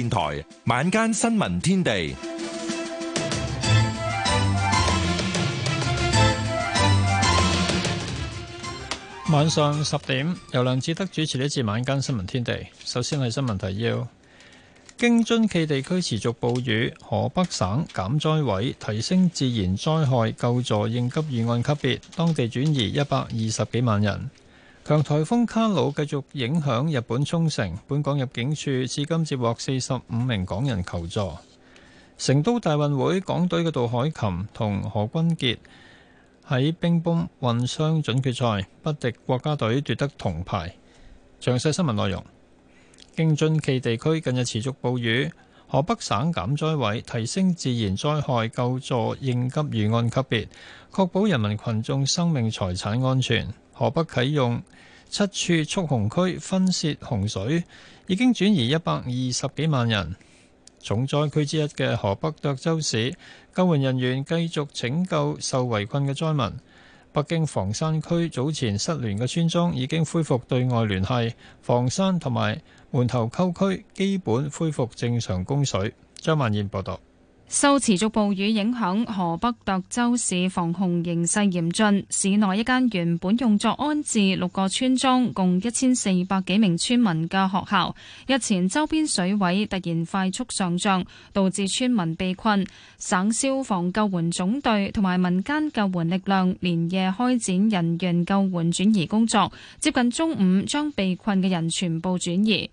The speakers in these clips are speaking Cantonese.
電台晚間新聞天地，晚上十點由梁志德主持呢次晚間新聞天地。首先係新聞提要：京津冀地區持續暴雨，河北省減災委提升自然災害救助應急預案級別，當地轉移一百二十幾萬人。強颱風卡努繼續影響日本沖繩，本港入境處至今接獲四十五名港人求助。成都大運會港隊嘅杜海琴同何君傑喺乒乓混雙準決賽不敵國家隊，奪得銅牌。詳細新聞內容。京津冀地區近日持續暴雨，河北省減災委提升自然災害救助應急預案級別，確保人民群眾生命財產安全。河北啟用。七處蓄洪區分泄洪水，已經轉移一百二十幾萬人。重災區之一嘅河北涿州市，救援人員繼續拯救受圍困嘅災民。北京房山區早前失聯嘅村莊已經恢復對外聯繫，房山同埋門頭溝區基本恢復正常供水。張萬燕報導。受持續暴雨影響，河北涿州市防洪形勢嚴峻。市內一間原本用作安置六個村莊共一千四百幾名村民嘅學校，日前周邊水位突然快速上漲，導致村民被困。省消防救援總隊同埋民間救援力量連夜開展人員救援轉移工作，接近中午將被困嘅人全部轉移。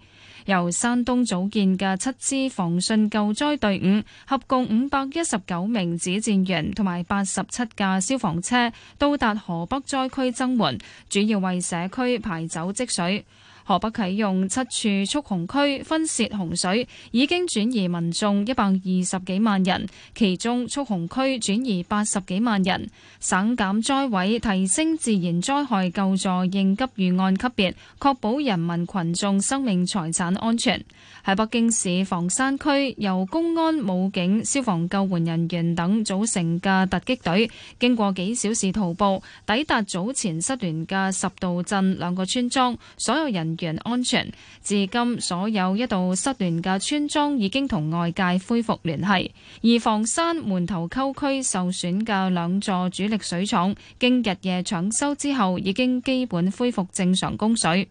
由山東組建嘅七支防汛救災隊伍，合共五百一十九名指戰員同埋八十七架消防車，到達河北災區增援，主要為社區排走積水。河北啟用七處蓄洪區分泄洪水，已經轉移民眾一百二十幾萬人，其中蓄洪區轉移八十幾萬人。省減災委提升自然災害救助應急預案級別，確保人民群眾生命財產安全。喺北京市房山區由公安武警、消防救援人員等組成嘅突擊隊，經過幾小時徒步，抵達早前失聯嘅十渡鎮兩個村莊，所有人員安全。至今，所有一度失聯嘅村莊已經同外界恢復聯繫。而房山門頭溝區受損嘅兩座主力水廠，經日夜搶修之後，已經基本恢復正常供水。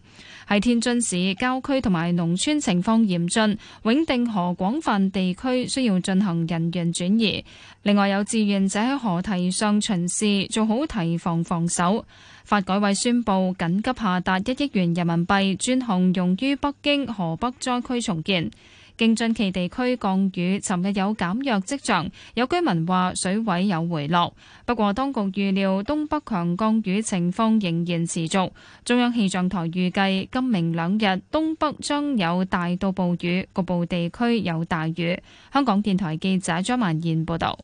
喺天津市郊區同埋農村情況嚴峻，永定河廣泛地區需要進行人員轉移。另外有志願者喺河堤上巡視，做好提防防守。發改委宣布緊急下達一億元人民幣專項，用於北京、河北災區重建。京津冀地區降雨，尋日有減弱跡象，有居民話水位有回落。不過當局預料東北強降雨情況仍然持續。中央氣象台預計今明兩日東北將有大到暴雨，局部地區有大雨。香港電台記者張曼燕報道。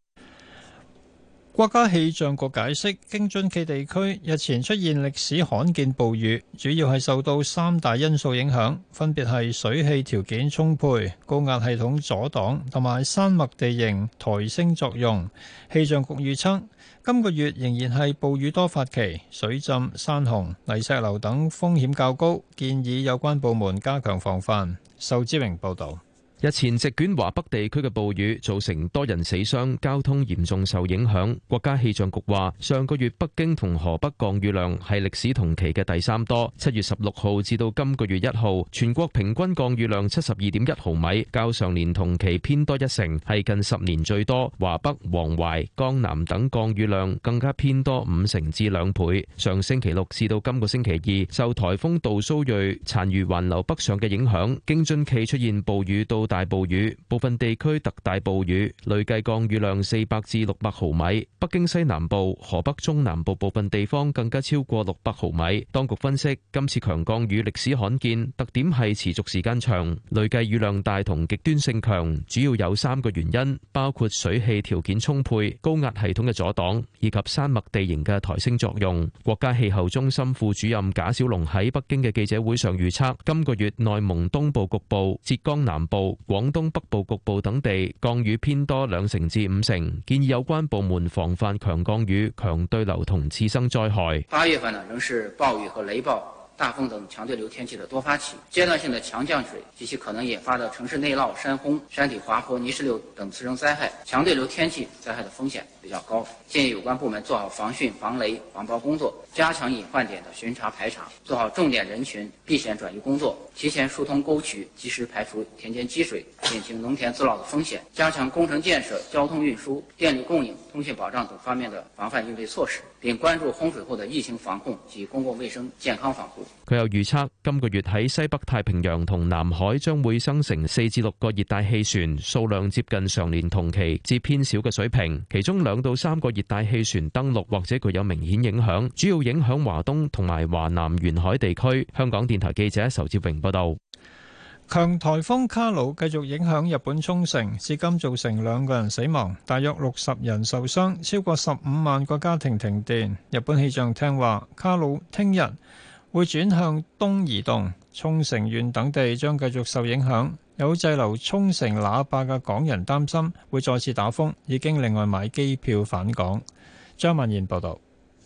國家氣象局解釋，京津冀地區日前出現歷史罕見暴雨，主要係受到三大因素影響，分別係水氣條件充沛、高壓系統阻擋同埋山脈地形抬升作用。氣象局預測，今個月仍然係暴雨多發期，水浸、山洪、泥石流等風險較高，建議有關部門加強防範。仇志榮報道。日前席捲華北地區嘅暴雨，造成多人死傷，交通嚴重受影響。國家氣象局話，上個月北京同河北降雨量係歷史同期嘅第三多。七月十六號至到今個月一號，全國平均降雨量七十二點一毫米，較上年同期偏多一成，係近十年最多。華北、黃淮、江南等降雨量更加偏多五成至兩倍。上星期六至到今個星期二，受台風杜蘇芮殘餘環流北上嘅影響，京津冀出現暴雨到大暴雨，部分地區特大暴雨，累計降雨量四百至六百毫米。北京西南部、河北中南部部分地方更加超過六百毫米。當局分析，今次強降雨歷史罕見，特點係持續時間長，累計雨量大同極端性強，主要有三個原因，包括水汽條件充沛、高壓系統嘅阻擋以及山脈地形嘅抬升作用。國家氣候中心副主任賈小龍喺北京嘅記者會上預測，今個月，內蒙東部局部、浙江南部。廣東北部局部等地降雨偏多兩成至五成，建議有關部門防範強降雨、強對流同次生災害。八月份呢，仍是暴雨和雷暴、大風等強對流天氣的多發期，階段性的強降水及其可能引發的城市內澇、山洪、山體滑坡、泥石流等次生災害、強對流天氣災害的風險比較高，建議有關部門做好防汛、防雷、防雹工作，加強隱患點的巡查排查，做好重點人群避險轉移工作，提前疏通溝渠，及時排除田間積水，減輕農田漬澇的風險。加強工程建設、交通運輸、電力供應、通信保障等方面的防範應對措施，並關注洪水後的疫情防控及公共衛生健康防護。佢又預測今個月喺西北太平洋同南海將會生成四至六個熱帶氣旋，數量接近上年同期至偏少嘅水平，其中兩兩到三個熱帶氣旋登陸或者具有明顯影響，主要影響華東同埋華南沿海地區。香港電台記者仇志榮報道，強颱風卡魯繼續影響日本沖繩，至今造成兩個人死亡，大約六十人受傷，超過十五萬個家庭停電。日本氣象廳話，卡魯聽日會轉向東移動，沖繩縣等地將繼續受影響。有滯留沖繩喇叭嘅港人擔心會再次打風，已經另外買機票返港。張文燕報導，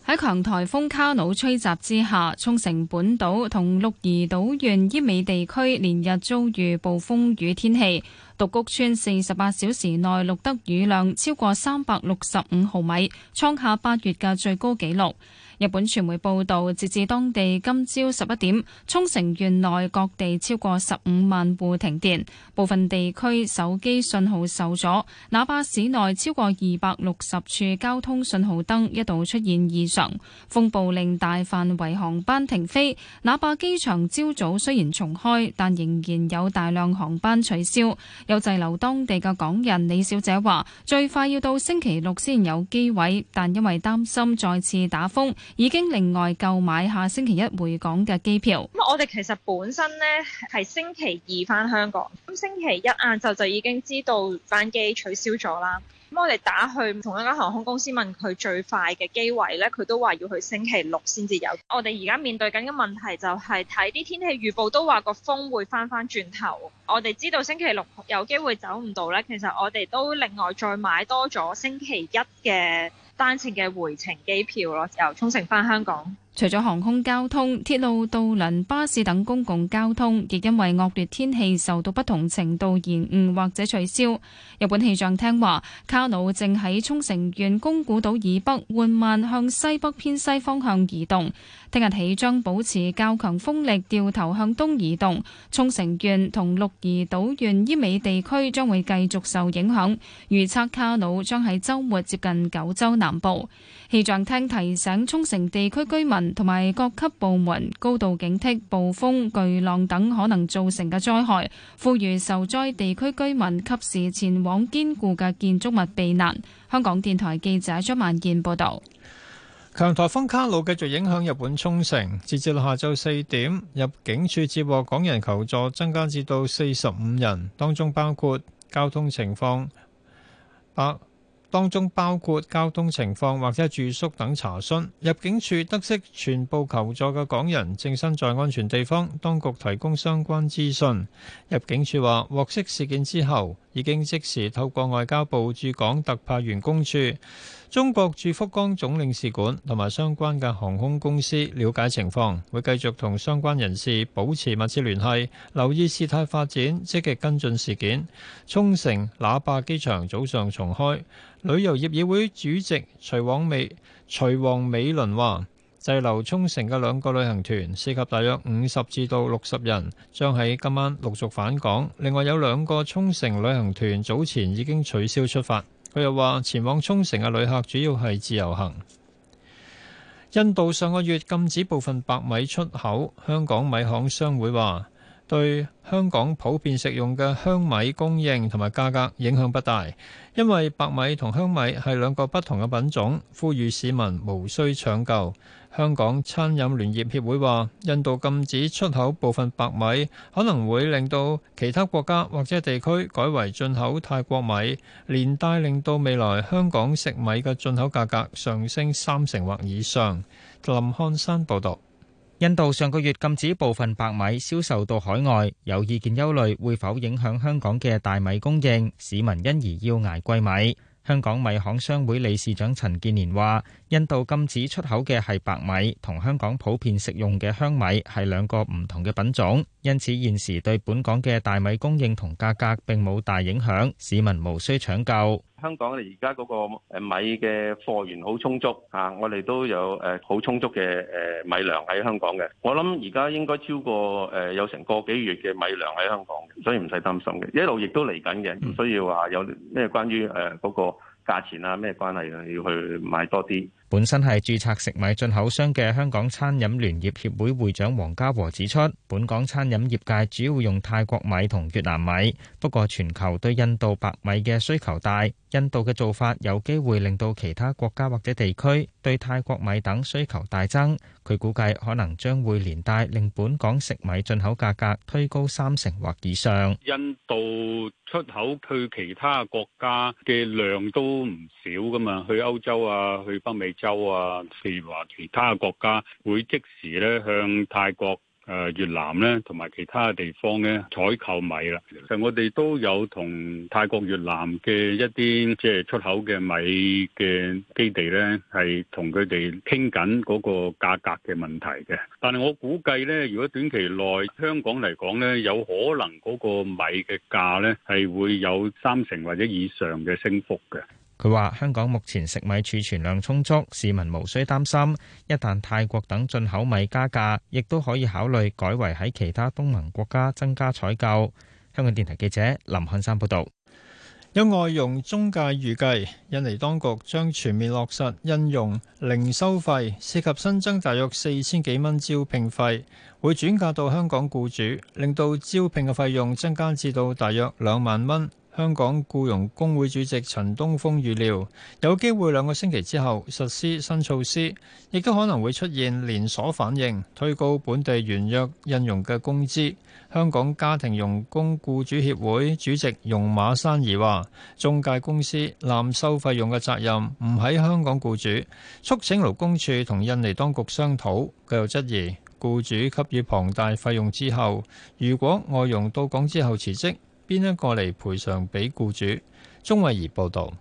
喺強颱風卡努吹襲之下，沖繩本島同鹿兒島縣伊美奄美地區連日遭遇暴風雨天氣，獨谷村四十八小時內錄得雨量超過三百六十五毫米，創下八月嘅最高紀錄。日本傳媒報道，截至當地今朝十一點，沖繩縣內各地超過十五萬戶停電，部分地區手機信號受阻。那霸市內超過二百六十處交通信號燈一度出現異常。風暴令大範圍航班停飛，那霸機場朝早雖然重開，但仍然有大量航班取消。有滯留當地嘅港人李小姐話：最快要到星期六先有機位，但因為擔心再次打風。已經另外購買下星期一回港嘅機票。咁我哋其實本身咧係星期二返香港，咁星期一晏晝就已經知道班機取消咗啦。嗯、我哋打去同一間航空公司問佢最快嘅機位呢，佢都話要去星期六先至有。我哋而家面對緊嘅問題就係睇啲天氣預報，都話個風會翻翻轉頭。我哋知道星期六有機會走唔到呢，其實我哋都另外再買多咗星期一嘅單程嘅回程機票咯，由沖繩返香港。除咗航空交通，鐵路、渡輪、巴士等公共交通，亦因為惡劣天氣受到不同程度延誤或者取消。日本氣象廳話卡努正喺沖繩縣宮古島以北緩慢向西北偏西方向移動，聽日起將保持較強風力，調頭向東移動，沖繩縣同鹿兒島縣奄美地區將會繼續受影響，預測卡努將喺週末接近九州南部。氣象廳提醒沖繩地區居民。同埋各級部門高度警惕暴風巨浪等可能造成嘅災害，呼籲受災地區居民及時前往堅固嘅建築物避難。香港電台記者張萬健報道。強颱風卡努繼續影響日本沖繩，截至下晝四點，入境處接獲港人求助，增加至到四十五人，當中包括交通情況。當中包括交通情況或者住宿等查詢。入境處得悉全部求助嘅港人正身在安全地方，當局提供相關資訊。入境處話：獲悉事件之後，已經即時透過外交部駐港特派員公署、中國駐福岡總領事館同埋相關嘅航空公司了解情況，會繼續同相關人士保持密切聯繫，留意事態發展，積極跟進事件。沖繩喇叭機場早上重開。旅遊業議會主席徐王美徐王美倫話：滯留沖繩嘅兩個旅行團涉及大約五十至到六十人，將喺今晚陸續返港。另外有兩個沖繩旅行團早前已經取消出發。佢又話：前往沖繩嘅旅客主要係自由行。印度上個月禁止部分白米出口，香港米行商會話。對香港普遍食用嘅香米供應同埋價格影響不大，因為白米同香米係兩個不同嘅品種。呼籲市民無需搶購。香港餐飲聯業協會話，印度禁止出口部分白米，可能會令到其他國家或者地區改為進口泰國米，連帶令到未來香港食米嘅進口價格上升三成或以上。林漢山報導。印度上個月禁止部分白米銷售到海外，有意見憂慮會否影響香港嘅大米供應，市民因而要挨貴米。香港米行商會理事長陳建年話，印度禁止出口嘅係白米，同香港普遍食用嘅香米係兩個唔同嘅品種，因此現時對本港嘅大米供應同價格並冇大影響，市民無需搶救。香港而家嗰個誒米嘅貨源好充足嚇，我哋都有誒好充足嘅誒米糧喺香港嘅。我諗而家應該超過誒有成個幾月嘅米糧喺香港，所以唔使擔心嘅。一路亦都嚟緊嘅，唔需要話有咩關於誒嗰個價錢啊咩關係啊，要去買多啲。本身係註冊食米進口商嘅香港餐飲聯業協會會長黃家和指出，本港餐飲業界主要用泰國米同越南米，不過全球對印度白米嘅需求大，印度嘅做法有機會令到其他國家或者地區對泰國米等需求大增。佢估計可能將會連帶令本港食米進口價格推高三成或以上。印度出口去其他國家嘅量都唔少噶嘛，去歐洲啊，去北美。州啊，譬如話其他嘅國家會即時咧向泰國誒、呃、越南咧同埋其他嘅地方咧採購米啦。其實我哋都有同泰國越南嘅一啲即係出口嘅米嘅基地咧，係同佢哋傾緊嗰個價格嘅問題嘅。但係我估計咧，如果短期內香港嚟講咧，有可能嗰個米嘅價咧係會有三成或者以上嘅升幅嘅。佢話：香港目前食米儲存量充足，市民無需擔心。一旦泰國等進口米加價，亦都可以考慮改為喺其他東盟國家增加採購。香港電台記者林漢山報導。有外傭中介預計，印尼當局將全面落實印傭零收費，涉及新增大約四千幾蚊招聘費，會轉嫁到香港雇主，令到招聘嘅費用增加至到大約兩萬蚊。香港僱傭工會主席陳東峰預料有機會兩個星期之後實施新措施，亦都可能會出現連鎖反應，推高本地原約印傭嘅工資。香港家庭傭工僱，僱主協會主席容馬山怡話，中介公司濫收費用嘅責任唔喺香港僱主，促請勞工處同印尼當局商討。佢又質疑，僱主給予龐大費用之後，如果外傭到港之後辭職。邊一個嚟賠償俾僱主？鍾慧儀報導。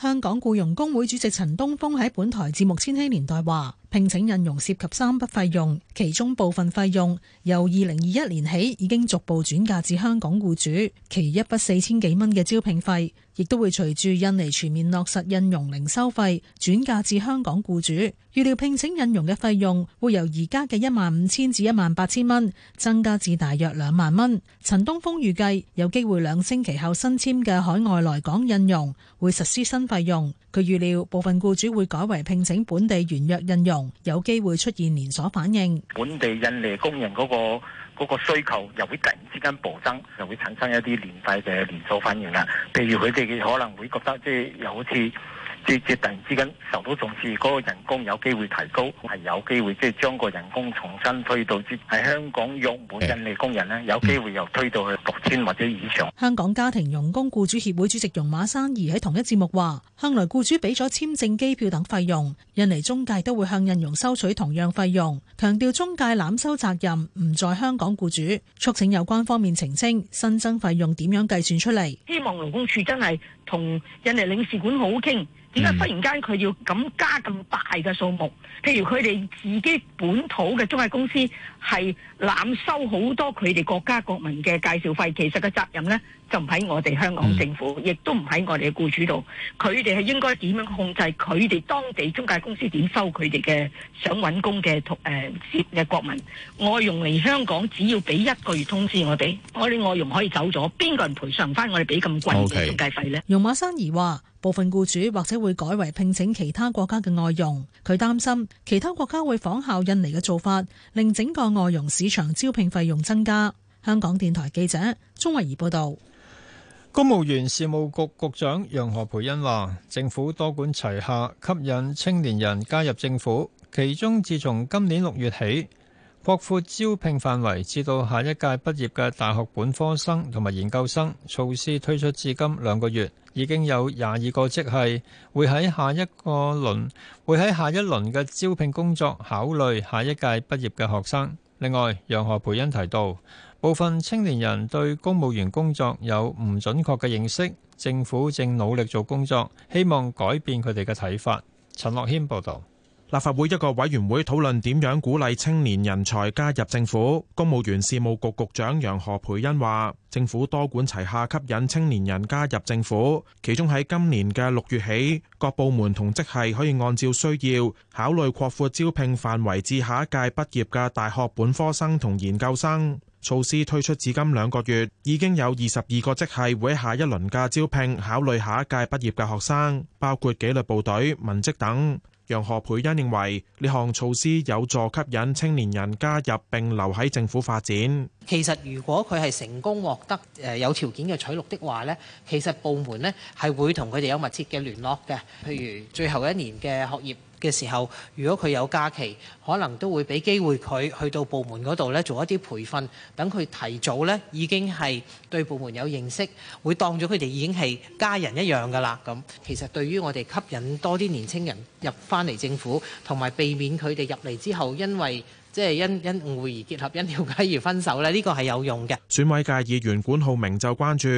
香港僱傭工會主席陳東峰喺本台節目《千禧年代》話。聘請印傭涉及三筆費用，其中部分費用由二零二一年起已經逐步轉嫁至香港僱主。其一筆四千幾蚊嘅招聘費，亦都會隨住印尼全面落實印傭零收費，轉嫁至香港僱主。預料聘請印傭嘅費用會由而家嘅一萬五千至一萬八千蚊，增加至大約兩萬蚊。陳東峰預計有機會兩星期後新簽嘅海外來港印傭會實施新費用。佢預料部分僱主會改為聘請本地原約印傭。有機會出現連鎖反應，本地印尼工人嗰個嗰個需求又會突然之間暴增，又會產生一啲連帶嘅連鎖反應啦。譬如，佢哋可能會覺得，即係又好似。即即突然之間受到重視，嗰、那個人工有機會提高，係有機會即係將個人工重新推到，即係香港用滿印尼工人呢有機會又推到去六千或者以上。香港家庭傭工雇主協會主席容馬珊兒喺同一節目話：向來雇主俾咗簽證、機票等費用，印尼中介都會向印傭收取同樣費用。強調中介濫收責任，唔在香港雇主，促請有關方面澄清新增費用點樣計算出嚟。希望勞工處真係。同印尼領事館好傾，點解忽然間佢要咁加咁大嘅數目？譬如佢哋自己本土嘅中介公司係攬收好多佢哋國家國民嘅介紹費。其實，個責任呢。就唔喺我哋香港政府，亦都唔喺我哋嘅雇主度，佢哋係應該點樣控制佢哋當地中介公司點收佢哋嘅想揾工嘅同誒嘅國民外傭嚟香港，只要俾一個月通知我哋，我哋外傭可以走咗，邊個人賠償翻我哋俾咁貴嘅中介費咧？Okay. 呢容馬生兒話部分雇主或者會改為聘請其他國家嘅外傭，佢擔心其他國家會仿效印尼嘅做法，令整個外傭市場招聘費用增加。香港電台記者鍾慧儀報道。公務員事務局局長楊何培恩話，政府多管齊下，吸引青年人加入政府。其中，自從今年六月起擴闊招聘範圍，至到下一屆畢業嘅大學本科生同埋研究生。措施推出至今兩個月，已經有廿二個職系會喺下一個輪會喺下一輪嘅招聘工作考慮下一屆畢業嘅學生。另外，楊何培恩提到，部分青年人對公務員工作有唔準確嘅認識，政府正努力做工作，希望改變佢哋嘅睇法。陳樂軒報導，立法會一個委員會討論點樣鼓勵青年人才加入政府。公務員事務局局長楊何培恩話，政府多管齊下，吸引青年人加入政府。其中喺今年嘅六月起，各部門同職系可以按照需要考慮擴闊招聘範圍至下一屆畢業嘅大學本科生同研究生。措施推出至今兩個月，已經有二十二個職系會喺下一輪嘅招聘考慮下一屆畢業嘅學生，包括紀律部隊、文職等。楊何蓓茵認為呢項措施有助吸引青年人加入並留喺政府發展。其實如果佢係成功獲得誒有條件嘅取錄的話咧，其實部門咧係會同佢哋有密切嘅聯絡嘅，譬如最後一年嘅學業嘅時候，如果佢有假期，可能都會俾機會佢去到部門嗰度咧，做一啲培訓，等佢提早咧已經係對部門有認識，會當咗佢哋已經係家人一樣噶啦。咁其實對於我哋吸引多啲年青人入翻嚟政府，同埋避免佢哋入嚟之後因、就是因，因為即係因因誤會而結合，因了解而分手咧，呢、呢個係有用嘅。選委界議員管浩明就關注，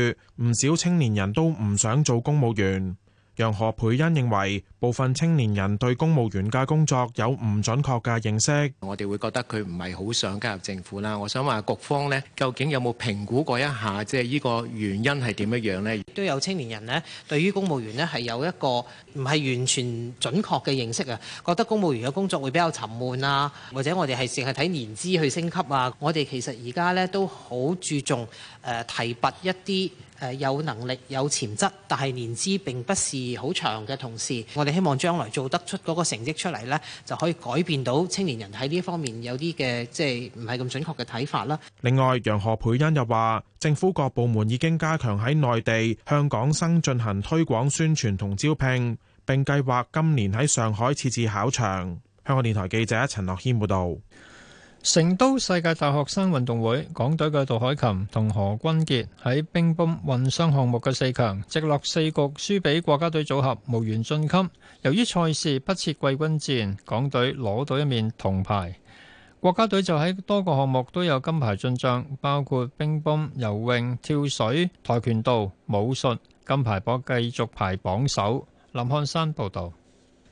唔少青年人都唔想做公務員。楊何蓓茵認為部分青年人對公務員嘅工作有唔準確嘅認識，我哋會覺得佢唔係好想加入政府啦。我想問下局方咧，究竟有冇評估過一下，即係呢個原因係點樣樣咧？都有青年人咧，對於公務員咧係有一個唔係完全準確嘅認識啊，覺得公務員嘅工作會比較沉悶啊，或者我哋係淨係睇年資去升級啊。我哋其實而家咧都好注重、呃、提拔一啲。誒有能力有潛質，但係年資並不是好長嘅同時，我哋希望將來做得出嗰個成績出嚟呢就可以改變到青年人喺呢方面有啲嘅即係唔係咁準確嘅睇法啦。另外，楊何蓓茵又話：政府各部門已經加強喺內地向港生進行推廣宣傳同招聘，並計劃今年喺上海設置考場。香港電台記者陳樂軒報道。成都世界大學生運動會，港隊嘅杜海琴同何君傑喺乒乓混雙項目嘅四強，直落四局輸俾國家隊組合，無緣晉級。由於賽事不設季軍戰，港隊攞到一面銅牌。國家隊就喺多個項目都有金牌進賬，包括乒乓、游泳、跳水、跆拳道、武術，金牌榜繼續排榜首。林漢山報道。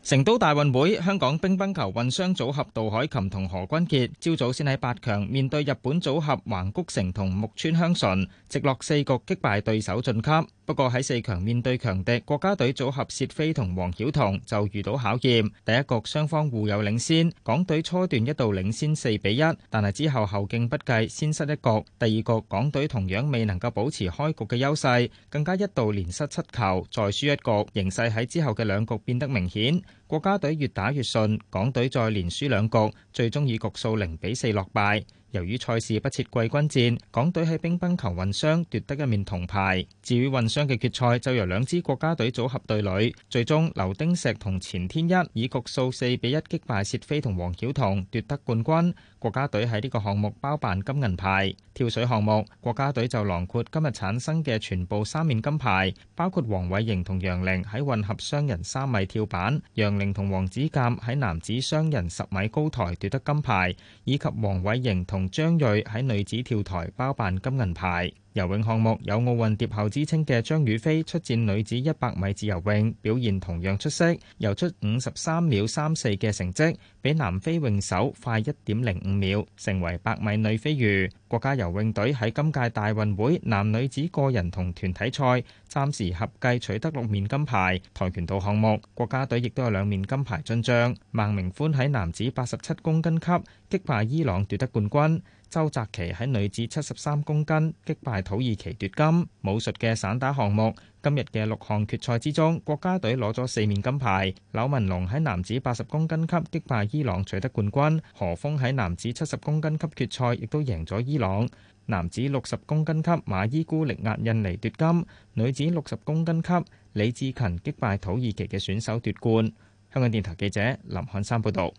成都大運會，香港乒乓球混雙組合杜海琴同何君傑，朝早先喺八強面對日本組合橫谷城同木村香純，直落四局擊敗對手晉級。不過喺四強面對強敵，國家隊組合薛飛同黃曉彤就遇到考驗。第一局雙方互有領先，港隊初段一度領先四比一，但係之後後勁不繼，先失一局。第二局港隊同樣未能夠保持開局嘅優勢，更加一度連失七球，再輸一局。形勢喺之後嘅兩局變得明顯，國家隊越打越順，港隊再連輸兩局，最終以局數零比四落敗。由於賽事不設季軍戰，港隊喺乒乓球混雙奪得一面銅牌。至於混雙嘅決賽就由兩支國家隊組合對壘，最終劉丁碩同錢天一以局數四比一擊敗薛飛同黃曉彤奪得冠軍。國家隊喺呢個項目包辦金銀牌。跳水項目，國家隊就囊括今日產生嘅全部三面金牌，包括黃偉瑩同楊凌喺混合雙人三米跳板，楊凌同黃子鑑喺男子雙人十米高台奪得金牌，以及黃偉瑩同同張睿喺女子跳台包辦金銀牌。游泳項目有奧運蝶后之稱嘅張雨霏出戰女子一百米自由泳，表現同樣出色，游出五十三秒三四嘅成績，比南非泳手快一點零五秒，成為百米女飛魚。國家游泳隊喺今屆大運會男女子個人同團體賽，暫時合計取得六面金牌。跆拳道項目國家隊亦都有兩面金牌進帳。孟明歡喺男子八十七公斤級擊敗伊朗奪得冠軍。周澤奇喺女子七十三公斤擊敗土耳其奪金，武術嘅散打項目今日嘅六項決賽之中，國家隊攞咗四面金牌。柳文龍喺男子八十公斤級擊敗伊朗取得冠軍，何峰喺男子七十公斤級決賽亦都贏咗伊朗。男子六十公斤級馬伊古力壓印尼奪金，女子六十公斤級李志勤擊敗土耳其嘅選手奪冠。香港電台記者林漢山報道。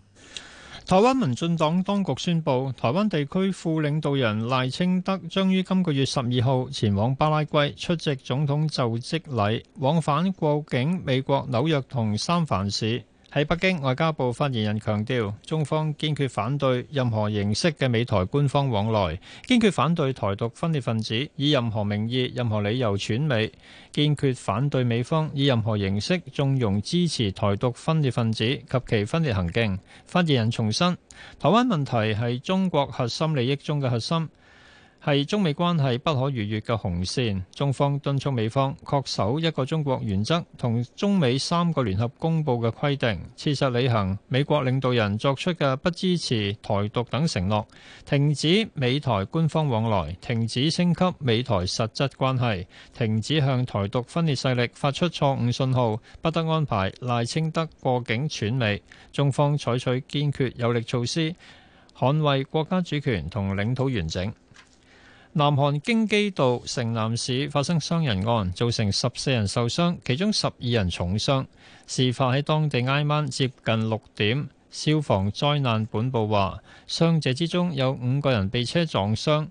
台灣民進黨當局宣布，台灣地區副領導人賴清德將於今個月十二號前往巴拉圭出席總統就職禮，往返過境美國紐約同三藩市。喺北京，外交部發言人強調，中方堅決反對任何形式嘅美台官方往來，堅決反對台獨分裂分子以任何名義、任何理由竄美，堅決反對美方以任何形式縱容支持台獨分裂分子及其分裂行徑。發言人重申，台灣問題係中國核心利益中嘅核心。係中美關係不可逾越嘅紅線。中方敦促美方確守一個中國原則，同中美三個聯合公報嘅規定，切實履行美國領導人作出嘅不支持台獨等承諾，停止美台官方往來，停止升級美台實質關係，停止向台獨分裂勢力發出錯誤信號，不得安排賴清德過境竄美。中方採取堅決有力措施，捍衛國家主權同領土完整。南韓京畿道城南市發生傷人案，造成十四人受傷，其中十二人重傷。事發喺當地挨晚接近六點。消防災難本部話，傷者之中有五個人被車撞傷，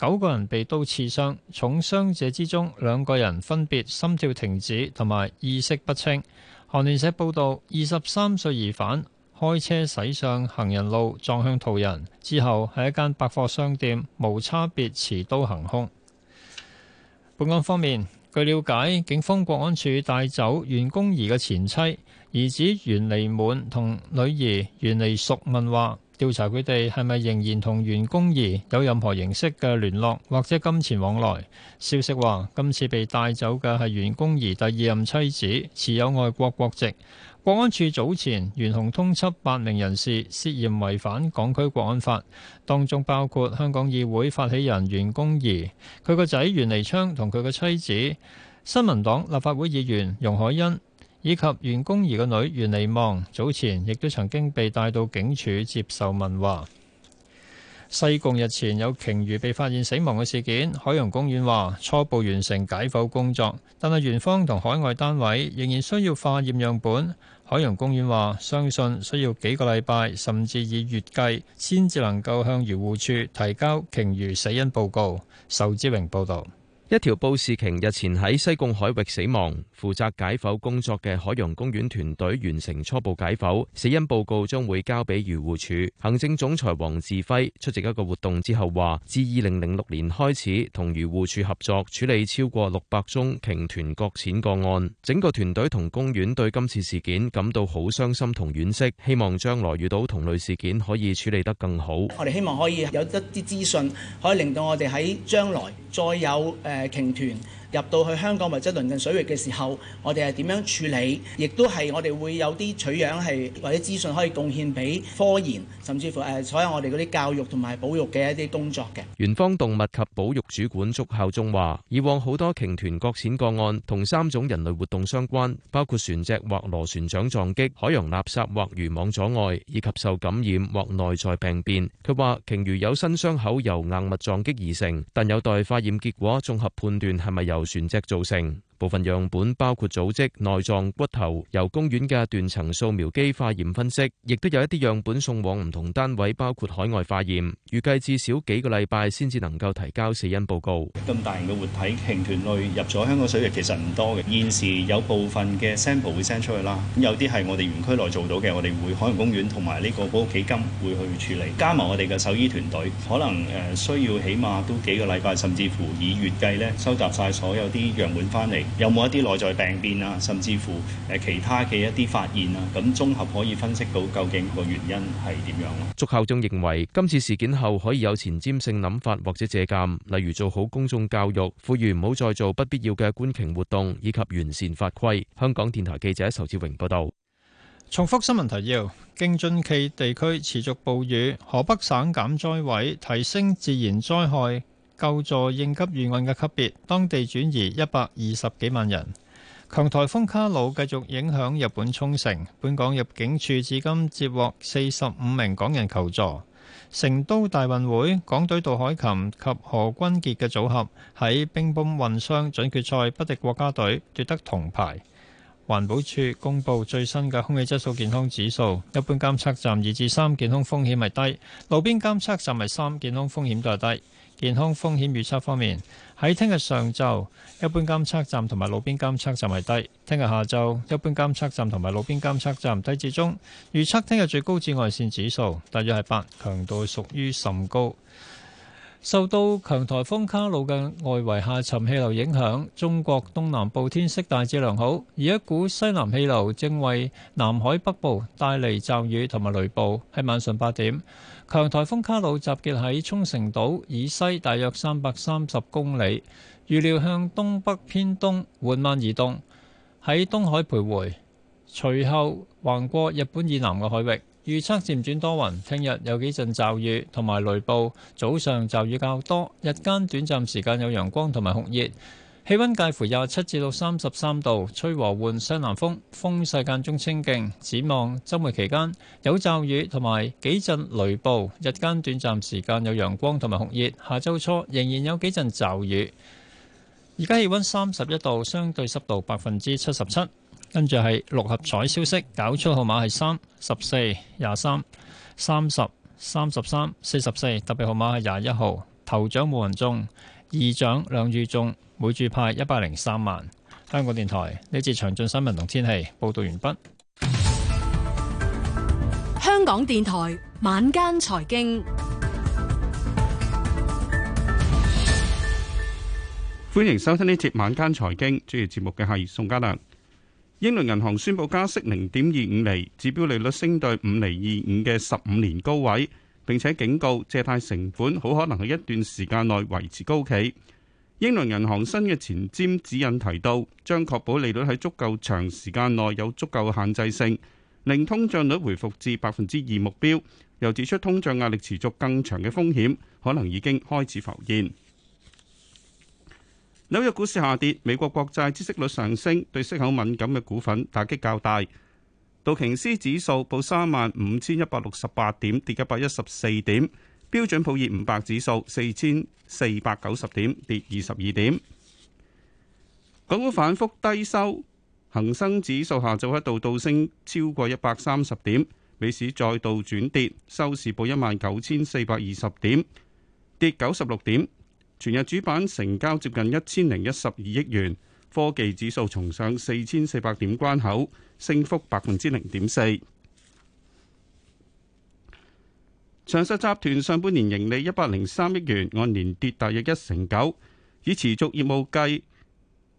九個人被刀刺傷。重傷者之中，兩個人分別心跳停止同埋意識不清。韓聯社報導，二十三歲疑犯，開車駛上行人路，撞向途人之後，喺一間百貨商店無差別持刀行凶。本案方面，據了解，警方國安處帶走袁公儀嘅前妻、兒子袁彌滿同女兒袁彌淑問話。調查佢哋係咪仍然同袁弓夷有任何形式嘅聯絡或者金錢往來？消息話今次被帶走嘅係袁弓夷第二任妻子，持有外國國籍。國安處早前懸紅通緝八名人士，涉嫌違反港區國安法，當中包括香港議會發起人袁弓夷、佢個仔袁彌昌同佢個妻子、新民黨立法會議員容海恩。以及袁公儀嘅女袁尼望，早前亦都曾經被帶到警署接受問話。西貢日前有鯨魚被發現死亡嘅事件，海洋公園話初步完成解剖工作，但係園方同海外單位仍然需要化驗樣本。海洋公園話相信需要幾個禮拜，甚至以月計，先至能夠向漁護處提交鯨魚死因報告。仇志榮報導。一條布氏鯨日前喺西貢海域死亡，負責解剖工作嘅海洋公園團隊完成初步解剖，死因報告將會交俾漁護署。行政總裁黃志輝出席一個活動之後話，自二零零六年開始同漁護署合作處理超過六百宗鯨豚擱淺個案，整個團隊同公園對今次事件感到好傷心同惋惜，希望將來遇到同類事件可以處理得更好。我哋希望可以有一啲資訊，可以令到我哋喺將來再有誒，鯨豚，入到去香港或者鄰近水域嘅時候，我哋係點樣處理？亦都係我哋會有啲取樣係或者資訊可以貢獻俾科研，甚至乎誒所有我哋嗰啲教育同埋保育嘅一啲工作嘅。園方動物及保育主管祝孝忠話：以往好多鯨豚擱淺個案同三種人類活動相關，包括船隻或螺旋槳撞擊、海洋垃圾或漁網阻礙，以及受感染或內在病變。佢話鯨魚有新傷口由硬物撞擊而成，但有待化驗結果綜合判斷係咪由，由船隻造成。部分樣本包括組織、內臟、骨頭，由公園嘅斷層掃描機化驗分析，亦都有一啲樣本送往唔同單位，包括海外化驗。預計至少幾個禮拜先至能夠提交死因報告。咁大型嘅活體鯨豚類入咗香港水域，其實唔多嘅。現時有部分嘅 sample 會 send 出去啦，咁有啲係我哋園區內做到嘅，我哋會海洋公園同埋呢個保育基金會去處理，加埋我哋嘅獸醫團隊，可能誒需要起碼都幾個禮拜，甚至乎以月計呢，收集晒所有啲樣本翻嚟，有冇一啲內在病變啊，甚至乎誒其他嘅一啲發現啊，咁綜合可以分析到究竟個原因係點樣咯？祝孝忠認為今次事件後可以有前瞻性諗法或者借鑑，例如做好公眾教育，呼籲唔好再做不必要嘅觀鯨活動，以及完善法規。香港電台記者仇志榮報導。重複新聞提要：京津冀地區持續暴雨，河北省減災委提升自然災害救助應急預案嘅級別，當地轉移一百二十幾萬人。強颱風卡努繼續影響日本沖繩，本港入境處至今接獲四十五名港人求助。成都大運會港隊杜海琴及何君傑嘅組合喺乒乓混雙準決賽不敵國家隊，奪得銅牌。環保署公布最新嘅空氣質素健康指數，一般監測站二至三，健康風險係低，路邊監測站係三，健康風險都係低。健康風險預測方面，喺聽日上晝一般監測站同埋路邊監測站為低；聽日下晝一般監測站同埋路邊監測站低至中。預測聽日最高紫外線指數大約係八，強度屬於甚高。受到強颱風卡努嘅外圍下沉氣流影響，中國東南部天色大致良好，而一股西南氣流正為南海北部帶嚟驟雨同埋雷暴。喺晚上八點，強颱風卡努集結喺沖繩島以西大約三百三十公里，預料向東北偏東緩慢移動，喺東海徘徊，隨後橫過日本以南嘅海域。預測漸轉多雲，聽日有幾陣驟雨同埋雷暴，早上驟雨較多，日間短暫時間有陽光同埋酷熱，氣溫介乎廿七至到三十三度，吹和緩西南風，風勢間中清勁。展望周末期間有驟雨同埋幾陣雷暴，日間短暫時間有陽光同埋酷熱，下周初仍然有幾陣驟雨。而家氣溫三十一度，相對濕度百分之七十七。跟住係六合彩消息，搞出號碼係三十四、廿三、三十、三十三、四十四。特別號碼係廿一號。頭獎冇人中，二獎兩注中，每注派一百零三萬。香港電台呢節詳盡新聞同天氣報道完畢。香港電台晚間財經，歡迎收聽呢節晚間財經主持節目嘅係宋嘉良。英倫銀行宣佈加息零點二五厘，指標利率升到五厘二五嘅十五年高位，並且警告借貸成本好可能喺一段時間內維持高企。英倫銀行新嘅前瞻指引提到，將確保利率喺足夠長時間內有足夠嘅限制性，令通脹率回復至百分之二目標。又指出通脹壓力持續更長嘅風險，可能已經開始浮現。紐約股市下跌，美國國債孳息率上升，對息口敏感嘅股份打擊較大。道瓊斯指數報三萬五千一百六十八點，跌一百一十四點。標準普爾五百指數四千四百九十點，跌二十二點。港股反復低收，恒生指數下晝一度倒升超過一百三十點，美市再度轉跌，收市報一萬九千四百二十點，跌九十六點。全日主板成交接近一千零一十二億元，科技指數重上四千四百點關口，升幅百分之零點四。長實集團上半年盈利一百零三億元，按年跌大約一成九，以持續業務計，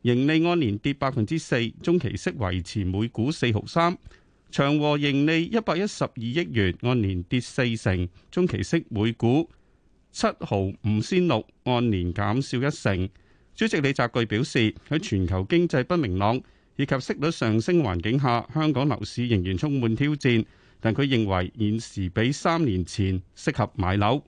盈利按年跌百分之四，中期息維持每股四毫三。長和盈利一百一十二億元，按年跌四成，中期息每股七毫五仙六，按年減少一成。主席李澤钜表示，喺全球經濟不明朗以及息率上升環境下，香港樓市仍然充滿挑戰。但佢認為現時比三年前適合買樓。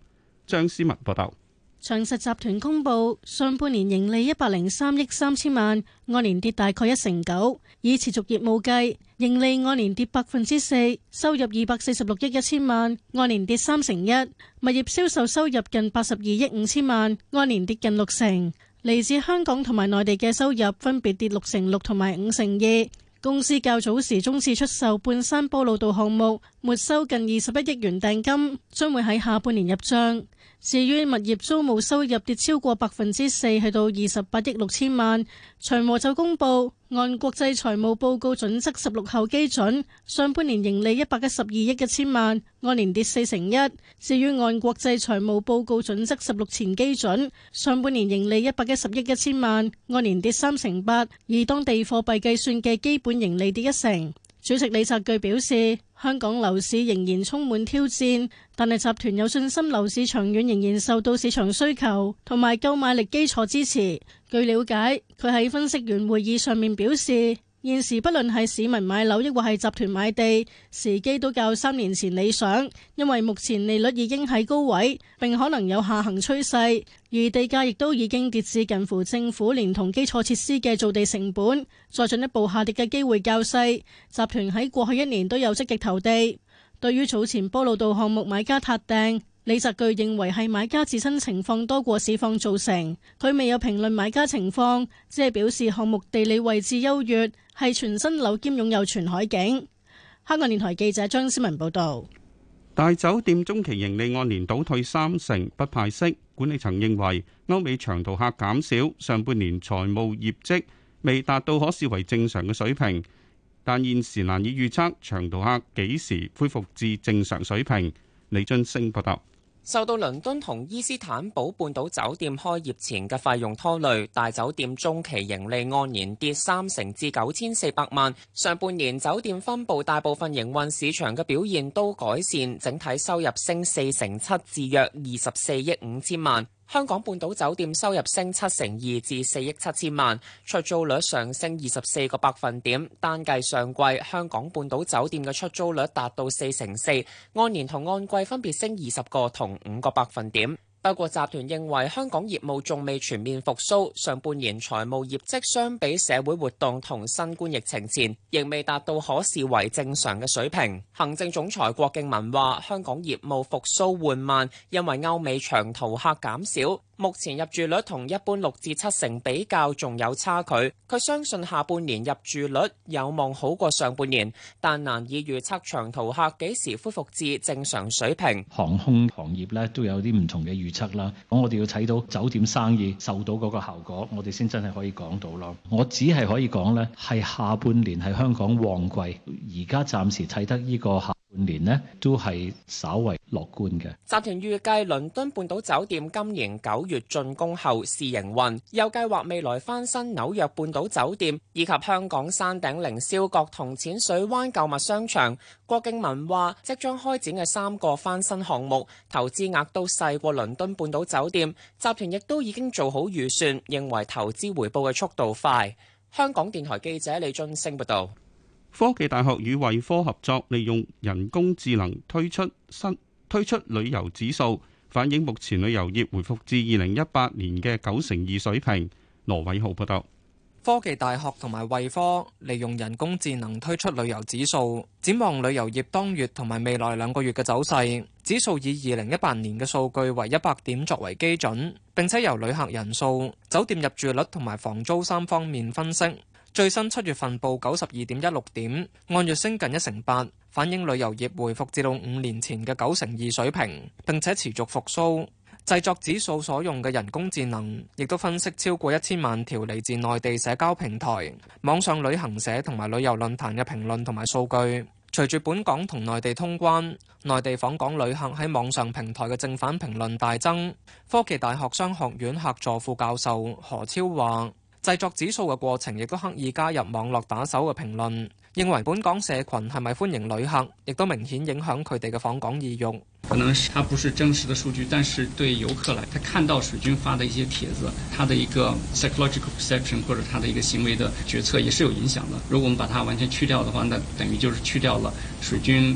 張思文報道。長實集團公布上半年盈利一百零三億三千萬，按年跌大概一成九。以持續業務計，盈利按年跌百分之四，收入二百四十六億一千萬，按年跌三成一。物業銷售收入近八十二億五千萬，按年跌近六成。嚟自香港同埋內地嘅收入分別跌六成六同埋五成二。公司較早時終止出售半山波老道項目，沒收近二十一億元定金，將會喺下半年入賬。至於物業租務收入跌超過百分之四，去到二十八億六千萬。長和就公布按國際財務報告準則十六後基準，上半年盈利一百一十二億一千萬，按年跌四成一。至於按國際財務報告準則十六前基準，上半年盈利一百一十億一千萬，按年跌三成八。以當地貨幣計算嘅基本盈利跌一成。主席李澤钜表示。香港樓市仍然充滿挑戰，但係集團有信心樓市長遠仍然受到市場需求同埋購買力基礎支持。據了解，佢喺分析員會議上面表示。現時不論係市民買樓，抑或係集團買地，時機都較三年前理想，因為目前利率已經喺高位，並可能有下行趨勢，而地價亦都已經跌至近乎政府連同基礎設施嘅造地成本，再進一步下跌嘅機會較細。集團喺過去一年都有積極投地。對於早前波老道項目買家撻訂，李澤钜認為係買家自身情況多過市況造成，佢未有評論買家情況，只係表示項目地理位置優越。係全新樓兼擁有全海景。香港電台記者張思文報道。大酒店中期盈利按年倒退三成，不派息。管理層認為歐美長途客減少，上半年財務業績未達到可視為正常嘅水平，但現時難以預測長途客幾時恢復至正常水平。李俊聲報道。受到倫敦同伊斯坦堡半島酒店開業前嘅費用拖累，大酒店中期盈利按年跌三成至九千四百萬。上半年酒店分佈大部分營運市場嘅表現都改善，整體收入升四成七至約二十四億五千萬。香港半島酒店收入升七成二至四億七千萬，出租率上升二十四個百分點。單計上季，香港半島酒店嘅出租率達到四成四，按年同按季分別升二十個同五個百分點。不過集團認為香港業務仲未全面復甦，上半年財務業績相比社會活動同新冠疫情前，仍未達到可視為正常嘅水平。行政總裁郭敬文話：香港業務復甦緩慢，因為歐美長途客減少。目前入住率同一般六至七成比較仲有差距。佢相信下半年入住率有望好過上半年，但難以預測長途客幾時恢復至正常水平。航空行業咧，都有啲唔同嘅預測啦，咁我哋要睇到酒店生意受到嗰個效果，我哋先真係可以講到咯。我只係可以講咧，係下半年係香港旺季，而家暫時睇得呢個客。半年呢都係稍為樂觀嘅。集團預計倫敦半島酒店今年九月竣工後試營運，又計劃未來翻新紐約半島酒店以及香港山頂凌霄閣同淺水灣購物商場。郭敬文話：即將開展嘅三個翻新項目，投資額都細過倫敦半島酒店。集團亦都已經做好預算，認為投資回報嘅速度快。香港電台記者李俊升報道。科技大學與惠科合作，利用人工智能推出新推出旅遊指數，反映目前旅遊業回復至二零一八年嘅九成二水平。羅偉浩報道。科技大學同埋惠科利用人工智能推出旅遊指數，展望旅遊業當月同埋未來兩個月嘅走勢。指數以二零一八年嘅數據為一百點作為基準，並且由旅客人數、酒店入住率同埋房租三方面分析。最新七月份報九十二點一六點，按月升近一成八，反映旅遊業回復至到五年前嘅九成二水平，並且持續復甦。製作指數所用嘅人工智能，亦都分析超過一千萬條嚟自內地社交平台、網上旅行社同埋旅遊論壇嘅評論同埋數據。隨住本港同內地通關，內地訪港旅客喺網上平台嘅正反評論大增。科技大學商學院客座副教授何超話。製作指數嘅過程亦都刻意加入網絡打手嘅評論，認為本港社群係咪歡迎旅客，亦都明顯影響佢哋嘅訪港意欲。可能是他不是真實嘅數據，但是對遊客來，他看到水軍發的一些帖子，他的一個 psychological perception 或者他的一個行為的決策也是有影響的。如果我們把它完全去掉的話，那等於就是去掉了水軍。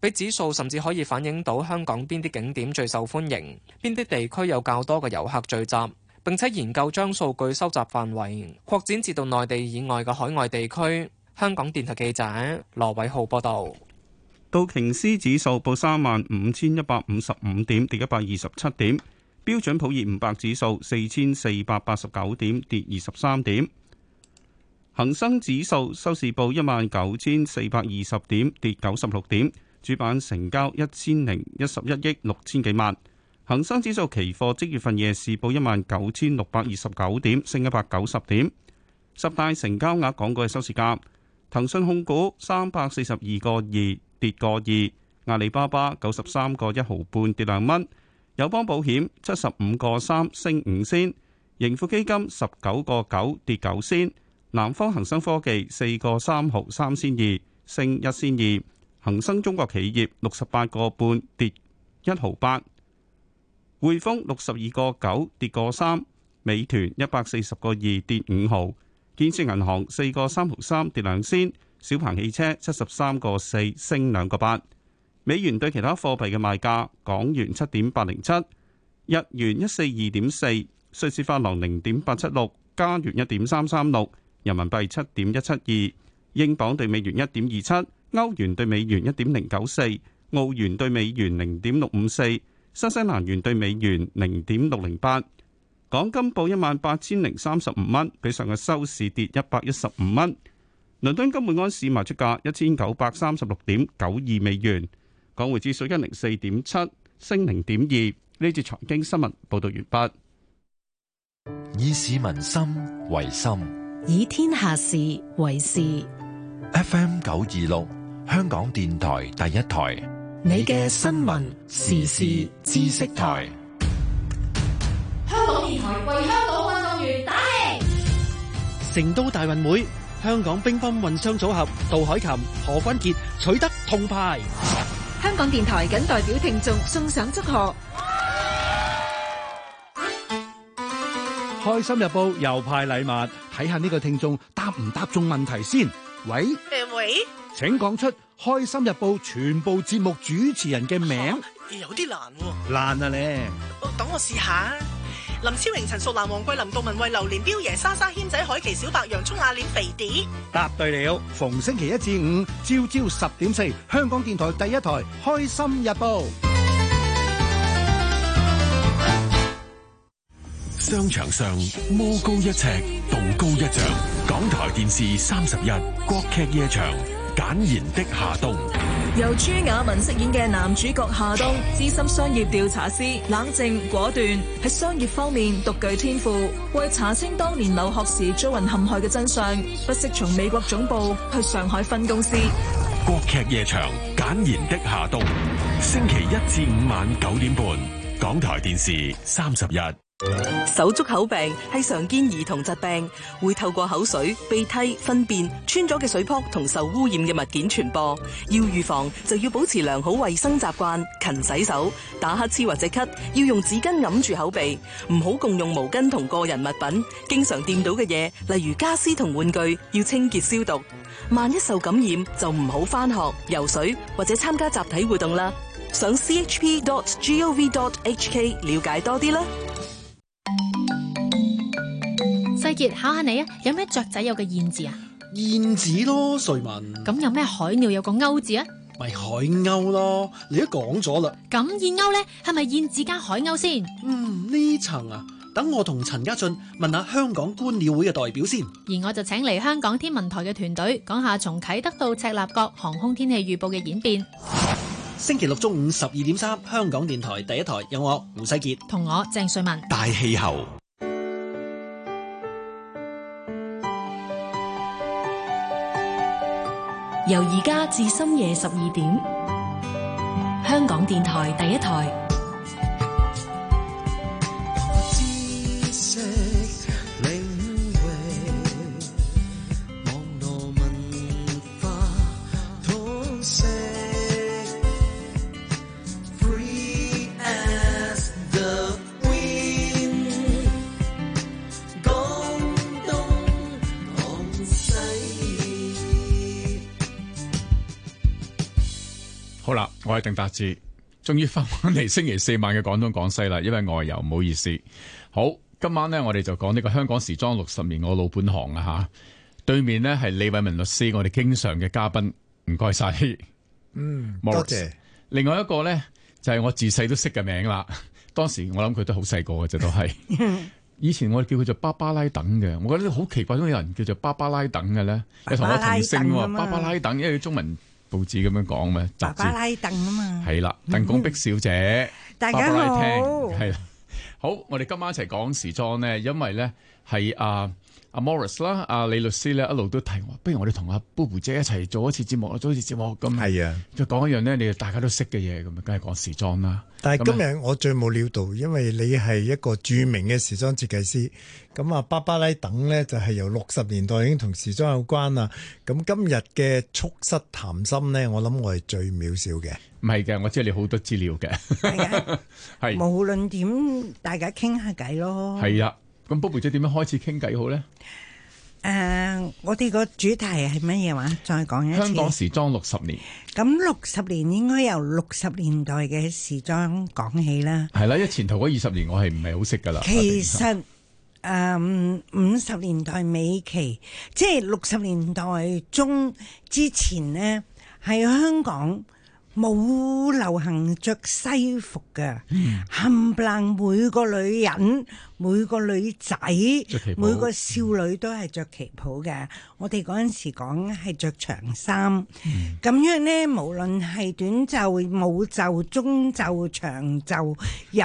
俾指數甚至可以反映到香港邊啲景點最受歡迎，邊啲地區有較多嘅遊客聚集。並且研究將數據收集範圍擴展至到內地以外嘅海外地區。香港電台記者羅偉浩報道。道瓊斯指數報三萬五千一百五十五點，跌一百二十七點。標準普爾五百指數四千四百八十九點，跌二十三點。恒生指數收市報一萬九千四百二十點，跌九十六點。主板成交一千零一十一億六千幾萬，恒生指數期貨即月份夜市報一萬九千六百二十九點，升一百九十點。十大成交額港股嘅收市價：騰訊控股三百四十二個二跌個二，阿里巴巴九十三個一毫半跌兩蚊，友邦保險七十五個三升五仙，盈富基金十九個九跌九仙，南方恒生科技四個三毫三仙二升一仙二。恆生中國企業六十八個半跌一毫八，匯豐六十二個九跌個三，美團一百四十個二跌五毫，建設銀行四個三毫三跌兩仙，小鵬汽車七十三個四升兩個八，美元對其他貨幣嘅賣價：港元七點八零七，日元一四二點四，瑞士法郎零點八七六，加元一點三三六，人民幣七點一七二，英鎊對美元一點二七。歐元對美元一點零九四，澳元對美元零點六五四，新西蘭元對美元零點六零八。港金報一萬八千零三十五蚊，比上日收市跌一百一十五蚊。倫敦金每安士賣出價一千九百三十六點九二美元。港匯指數一零四點七，升零點二。呢節財經新聞報道完畢。以市民心為心，以天下事為事。F M 九二六。香港電台第一台，你嘅新聞時事知識台。香港電台為香港運動員打氣。成都大運會，香港乒乓混雙組合杜海琴、何君傑取得銅牌。香港電台謹代表聽眾送上祝賀。《開心日報》又派禮物，睇下呢個聽眾答唔答中問題先。喂，誒、呃、喂，請講出《開心日報》全部節目主持人嘅名。啊，有啲難喎，難啊，難啊你。哦，等我試下。林超榮、陳淑蘭、黃桂林、杜文慧、為榴蓮、彪爺、莎莎、謙仔、海琪、小白、洋蔥、阿臉、肥碟、蜂蜂蜂蜂蜂蜂，答對了。逢星期一至五，朝朝十點四，香港電台第一台《開心日報》。商場上魔高一尺，道高一丈。港台電視三十一，國劇夜場，簡言的夏冬。由朱亞文飾演嘅男主角夏冬，資深商業調查師，冷靜果斷，喺商業方面獨具天賦。為查清當年留學時遭人陷害嘅真相，不惜從美國總部去上海分公司。國劇夜場，簡言的夏冬。星期一至五晚九點半，港台電視三十一。手足口病係常見兒童疾病，會透過口水、鼻涕、糞便、穿咗嘅水泡同受污染嘅物件傳播。要預防，就要保持良好衛生習慣，勤洗手，打乞嗤或者咳，要用紙巾揞住口鼻，唔好共用毛巾同個人物品。經常掂到嘅嘢，例如家私同玩具，要清潔消毒。萬一受感染，就唔好返學、游水或者參加集體活動啦。上 chp.gov.hk 了解多啲啦。世傑考下你啊，有咩雀仔有個燕字啊？燕子咯，瑞文。咁有咩海鳥有個鷗字啊？咪海鷗咯，你都講咗啦。咁燕鷗呢，係咪燕字加海鷗先？嗯，呢層啊，等我同陳家俊問下香港觀鳥會嘅代表先。而我就請嚟香港天文台嘅團隊講下從啟德到赤鱲角航空天氣預報嘅演變。星期六中午十二點三，3，香港電台第一台有我胡世杰同我鄭瑞文，大氣候，由而家至深夜十二點，香港電台第一台。鄧達智，終於翻翻嚟，星期四晚嘅廣東廣西啦，因為外遊，唔好意思。好，今晚咧，我哋就講呢個香港時裝六十年，我老本行啊吓。對面咧係李偉民律師，我哋經常嘅嘉賓，唔該晒。嗯，多謝。另外一個咧就係、是、我自細都識嘅名啦。當時我諗佢都好細個嘅，就都係。以前我叫佢做芭芭拉等嘅，我覺得好奇怪，點有人叫做芭芭拉等嘅咧？你同我同姓，芭芭拉，拉等，因為中文。報紙咁樣講咩？雜誌。爸爸拉凳啊嘛，係啦，鄧公碧小姐，嗯、巴巴大家好，係啦，好，我哋今晚一齊講時裝咧，因為咧係啊。呃阿 Morris 啦，阿李律師咧一路都提我，不如我哋同阿 BoBo 姐一齊做一次節目，做一次節目咁。係啊，就講的一樣咧，你哋大家都識嘅嘢，咁啊，梗係講時裝啦。但係今日我最冇料到，因為你係一個著名嘅時裝設計師，咁啊，芭芭拉等咧就係由六十年代已經同時裝有關啦。咁今日嘅促膝談心咧，我諗我係最渺小嘅。唔係嘅，我知道你好多資料嘅。係無論點，大家傾下偈咯。係啊。咁，bookbook 姐點樣開始傾偈好咧？誒，我哋個主題係乜嘢話？再講一次，香港時裝六十年。咁六十年應該由六十年代嘅時裝講起啦。係啦，因為前頭嗰二十年我係唔係好識噶啦。其實，誒五十年代尾期，即係六十年代中之前咧，喺香港。冇流行着西服嘅，冚唪唥每個女人、每個女仔、每個少女都係着旗袍嘅。嗯、我哋陣時講係着長衫，咁、嗯、樣咧，無論係短袖、冇袖、中袖、長袖入。